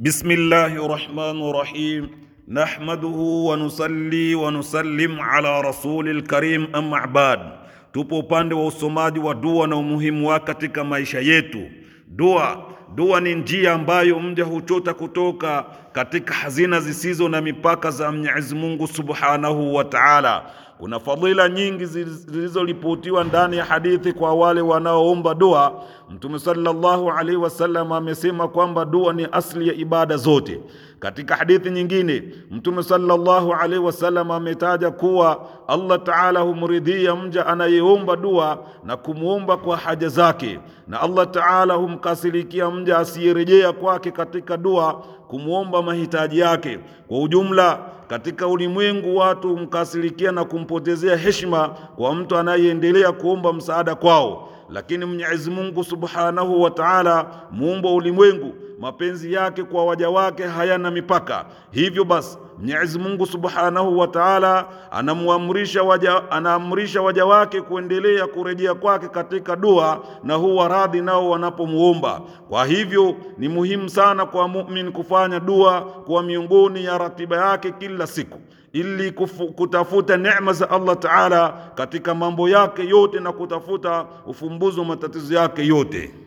بسم الله الرحمن الرحيم نحمده ونصلي ونسلم ala rasulil karim amma bad. Tupo upande wa usomaji wa dua na umuhimu wake katika maisha yetu. Dua, dua ni njia ambayo mja huchota kutoka katika hazina zisizo na mipaka za Mwenyezi Mungu Subhanahu wa Ta'ala. Kuna fadhila nyingi zilizoripotiwa ndani ya hadithi kwa wale wanaoomba dua. Mtume sallallahu alaihi wasallam amesema kwamba dua ni asli ya ibada zote. Katika hadithi nyingine, Mtume sallallahu alaihi wasallam ametaja kuwa Allah Ta'ala humridhia mja anayeomba dua na kumwomba kwa haja zake, na Allah Ta'ala humkasirikia mja asiyerejea kwake katika dua kumwomba mahitaji yake. Kwa ujumla, katika ulimwengu watu humkasirikia na kumpotezea heshima kwa mtu anayeendelea kuomba msaada kwao, lakini Mwenyezi Mungu Subhanahu wa Ta'ala, muumba ulimwengu mapenzi yake kwa waja wake hayana mipaka. Hivyo basi Mwenyezi Mungu Subhanahu wa Ta'ala anamuamrisha waja, anaamrisha waja wake kuendelea kurejea kwake katika dua na huwa radhi nao wanapomuomba. Kwa hivyo ni muhimu sana kwa mumin kufanya dua kwa miongoni ya ratiba yake kila siku ili kufu, kutafuta neema za Allah Ta'ala katika mambo yake yote na kutafuta ufumbuzi wa matatizo yake yote.